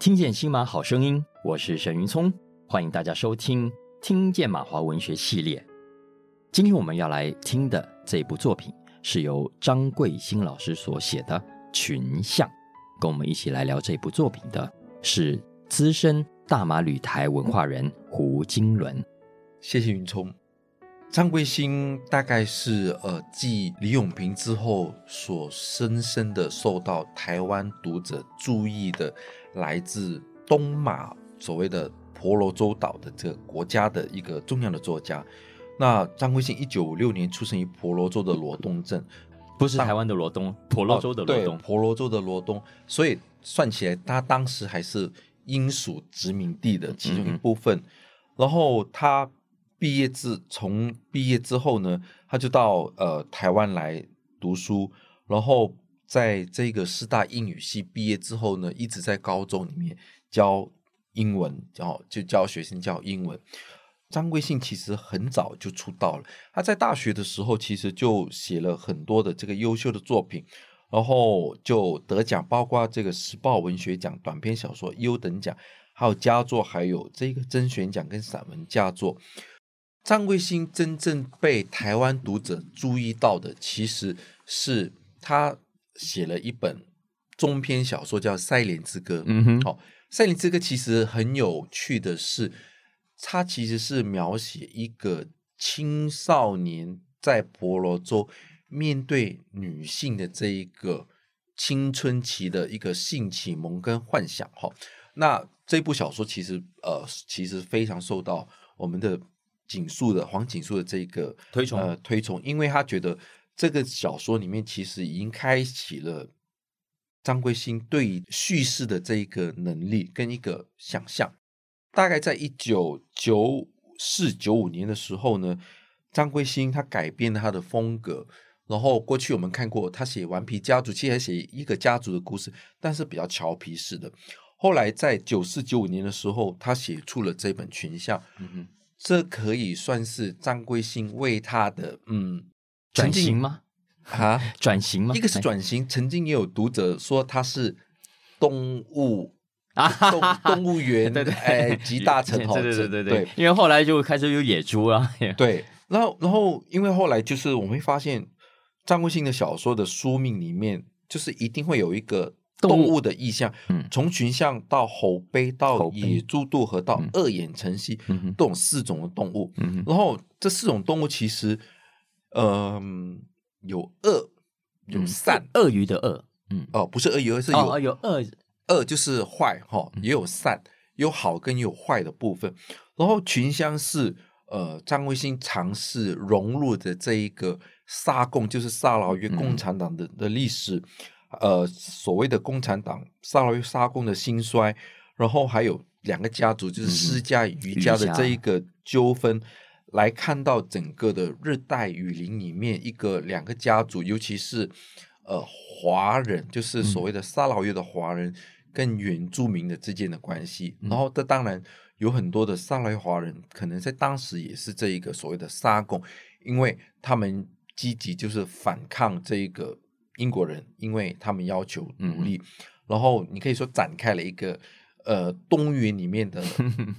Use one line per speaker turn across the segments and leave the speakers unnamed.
聽見新馬好聲音，我是沈雲聰，歡迎大家收聽《聽見馬華文學》系列。今天我們要來聽的這部作品是由張貴興老師所寫的《群像》，跟我們一起來聊這部作品的
是資深大馬旅台文化人胡金倫。謝謝雲聰。張貴興大概是呃繼李永平之後所深深的受到台灣讀者注意的，來自東馬所謂的婆羅洲島的這個國家的一個重要的作家。那張貴興一九五六年出生於婆羅洲的羅東鎮，不是台灣的羅東，婆羅洲的羅東。哦、對、婆羅洲的羅東，所以算起來他當時還是英屬殖民地的其中一部分。嗯嗯，然後他。畢業自從畢業之後呢，他就到呃台灣來讀書，然後在這個師大英語系畢業之後呢，一直在高中裡面教英文，然、哦、後就教學生教英文。張貴興其實很早就出道了，他在大學的時候其實就寫了很多的這個優秀的作品，然後就得獎，包括這個時報文學獎短篇小說優等獎，還有佳作，還有這個甄選獎跟散文佳作。張貴興真正被台灣讀者注意到的，其實是他寫了一本中篇小說，叫《賽蓮之歌》。嗯哼，好、哦，《賽蓮之歌》其實很有趣的是，它其實是描寫一個青少年在婆羅洲面對女性的這一個青春期的一個性啟蒙跟幻想。哈、哦，那這部小說其實呃，其實非常受到我們的。錦樹的黃錦樹的這個推崇、嗯，呃推崇，因為他覺得這個小說裡面其實已經開啟了張貴興對於敘事的這一個能力跟一個想象。大概在一九九四九五年的時候呢，張貴興他改變了他的風格，然後過去我們看過他寫《頑皮家族》，其實還寫一個家族的故事，但是比較調皮似的。後來在九四九五年的時候，他寫出了這本《群像》，嗯哼。這可以算是張貴興為他的嗯轉型嗎？啊，轉型嗎？一個是轉型，哎，曾經也有讀者說他是動物
啊， 動物園 對，對對，哎、欸，集大成者，對對對對，對。
因為後來就開始有野豬啊， 對。然後，然後，因為後來就是我們會發現張貴興的小說的書名裡面，就是一定會有一個。動物的意象，嗯、從群象到猴杯，到野豬渡河，到鱷眼晨曦，嗯，都有四種動物，嗯。然後這四種動物其實，呃，有惡，有善。嗯、鱷魚的鱷，嗯，哦、呃，不是鱷魚，而是有、哦、有惡，惡就是壞、哦、也有善，有好跟有壞的部分。然後群象是呃，張貴興嘗試融入的這一個砂共，就是砂拉越共產黨的、嗯、的歷史。呃，所謂的共產黨沙勞越沙共的興衰，然後還有兩個家族，就是施家余家的這一個糾紛、嗯，來看到整個的熱帶雨林裡面一個兩個家族，尤其是呃華人，就是所謂的沙勞越的華人跟原住民的之間的關係。嗯、然後這當然有很多的沙勞越華人，可能在當時也是這一個所謂的沙共，因為他們積極就是反抗這一個。英國人，因為他們要求獨立，嗯、然後你可以說展開了一個呃東原裡面的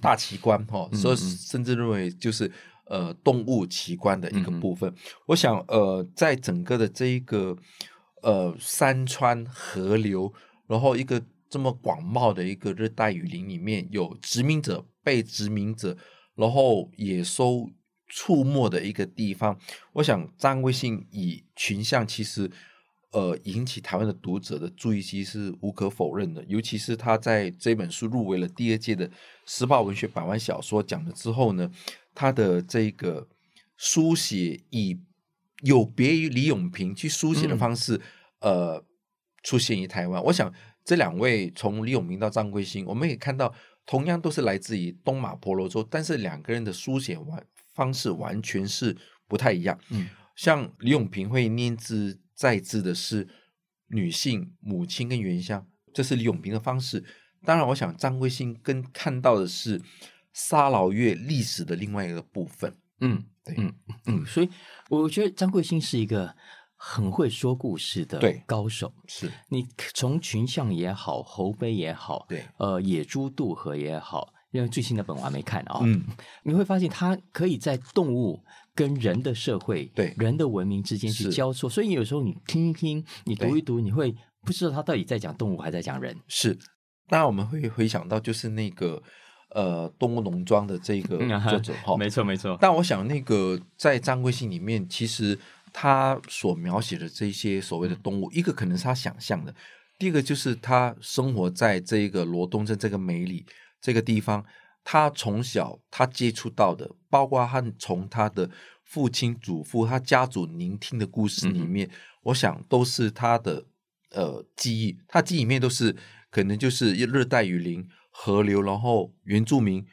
大奇觀哈、 哦，所以甚至認為就是呃動物奇觀的一個部分。嗯、我想呃，在整個的這一個呃山川河流，然後一個這麼廣袤的一個熱帶雨林裡面有殖民者被殖民者，然後野獸出沒的一個地方，我想張貴興以群像其實。呃，引起台灣的讀者的注意，其實是無可否認的。尤其是他在這本書入圍了第二屆的時報文學百萬小說獎的之後呢，他的這個書寫以有別於李永平去書寫的方式，嗯、呃，出現於台灣。我想這兩位從李永平到張貴興，我們也看到，同樣都是來自於東馬婆羅洲，但是兩個人的書寫完方式完全是不太一樣。嗯，像李永平會念字。在字的是女性母親跟原鄉，這是李永平的方式。當然，我想張貴興更看到的是砂勞越歷史的另外一個部分。嗯，對，嗯嗯，嗯。所以我覺得張貴興是一個很會說故
事的高手。對，是你從群象也好，猴杯也好，對，呃，野豬渡河也好，因為最新的本我還沒看啊、哦。嗯，你會發現他可以在動物。跟人的社會、對人的文明之間去交錯，所以有時候你聽一
聽，你讀一讀，你會不知道他到底在講動物還在講人。是，當然我們會回想到就是那個呃動物農莊的這個作者、嗯啊、哈、哦，沒錯沒錯。但我想那個在張貴興裡面，其實他所描寫的這些所謂的動物、嗯，一個可能是他想象的，第一個就是他生活在這個羅東鎮這個美里這個地方。他從小他接觸到的，包括他從他的父親祖父、他家族聆聽的故事裡面，嗯、我想都是他的呃記憶。他記憶裡面都是可能就是熱帶雨林、河流，然後原住民、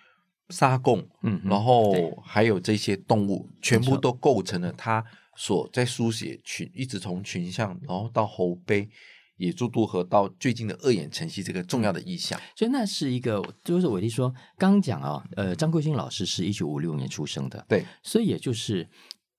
沙共，嗯，然後還有這些動物，嗯、全部都構成了他所在書寫群，一直從群象，然後到猴杯。野豬渡河，到最近的鱷眼晨曦這個重要的意象，
所以那是一個就是我弟說剛，剛講啊、哦，呃，張貴興老師是一九五六年出生的，對，所以也就是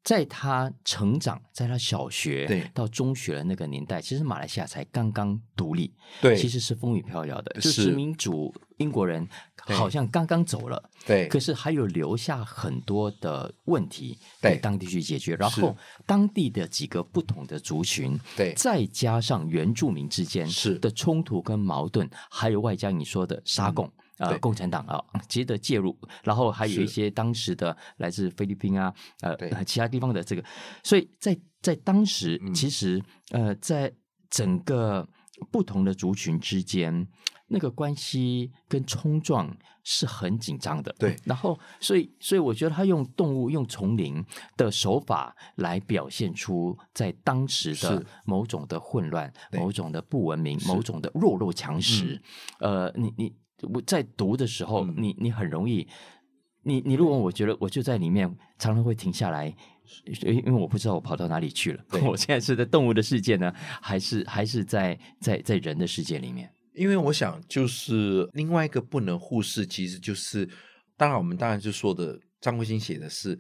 在他成長，在他小學到中學的那個年代，其實馬來西亞才剛剛獨立，對，其實是風雨飄搖的，是就是民主。英國人好像剛剛走了，對，對，可是還有留下很多的問題給當地去解決。然後當地的幾個不同的族群，對，再加上原住民之間的衝突跟矛盾，還有外加你說的沙共啊、嗯呃，共產黨啊，其的介入，然後還有一些當時的來自菲律賓啊，呃，其他地方的這個，所以在在當時，其實呃，在整個不同的族群之間。那個關係跟衝撞是很緊張的，對。然後，所以，所以我覺得他用動物、用叢林的手法來表現出在當時的某種的混亂、某種的不文明、某種的弱肉強食。嗯。呃，你你我在讀的時候，嗯。你你很容易，你你如果我覺得我就在裡面，常常會停下來，因為我不知道我跑到哪裡去了。對。對，我現在是在動物的世界呢，
還是還是在在在人的世界裡面？因為我想，就是另外一個不能忽視，其實就是，當然我們當然就說的張貴興寫的是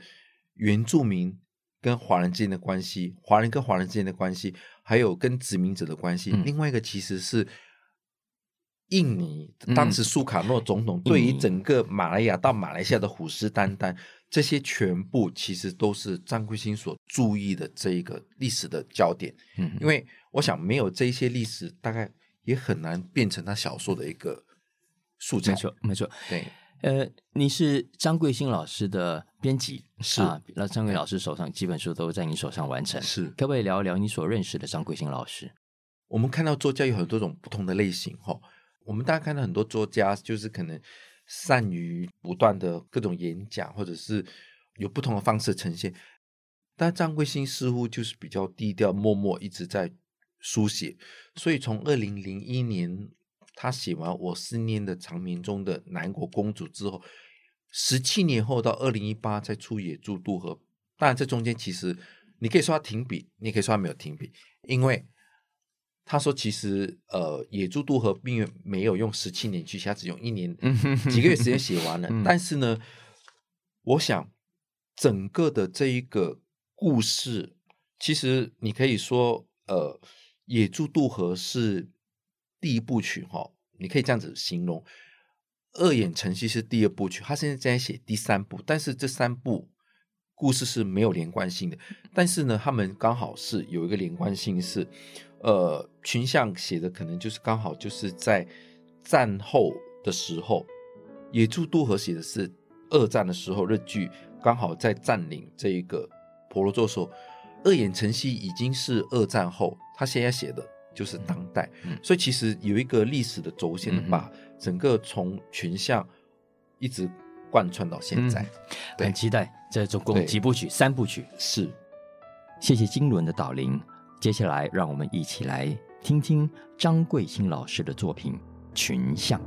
原住民跟華人之間的關係，華人跟華人之間的關係，還有跟殖民者的關係。嗯，另外一個其實是印尼，嗯，當時蘇卡諾總統對於整個馬來亞到馬來西亞的虎視眈眈，這些全部其實都是張貴興所注意的這一個歷史的焦點。嗯，因為我想沒有這一些歷史，大概。也很難變成他小說的一個素材，沒錯，沒錯。對，呃，你是張貴興老師的編輯，
是、啊、那張貴老師手上基本書都在你手上完成。是，可不可以聊一聊你所認識的張貴興
老師？我們看到作家有很多種不同的類型哦，我們大家看到很多作家就是可能善於不斷的各種演講，或者是有不同的方式呈現，但張貴興似乎就是比較低調，默默一直在。書寫，所以從二零零一年他寫完《我思念的長眠》中的南國公主，之後，十七年後到二零一八才出《野豬渡河》，當然這中間其實你可以說他停筆，你也可以說他沒有停筆，因為他說其實呃，《野豬渡河》並沒有用十七年去寫，他只用一年幾個月時間寫完了。 但是呢，我想整個的這一個故事，其實你可以說呃。野豬渡河是第一部曲，哈，你可以這樣子形容。鱷眼晨曦是第二部曲，他現在正在寫第三部，但是這三部故事是沒有連貫性的。但是呢，他們剛好是有一個連貫性是，是呃，群像寫的可能就是剛好就是在戰後的時候，野豬渡河寫的是二戰的時候，日軍剛好在佔領這一個婆羅洲的時候，鱷眼晨曦已經是二戰後。他現在寫的，就是當代、嗯，所以其實有一個歷史的軸線，把整個從群象一直貫穿到現在，嗯，很期待這總
共幾部曲，三部曲。是，謝謝金倫的導聆，接下來讓我們一起來聽聽張貴興老師的作品《群象》。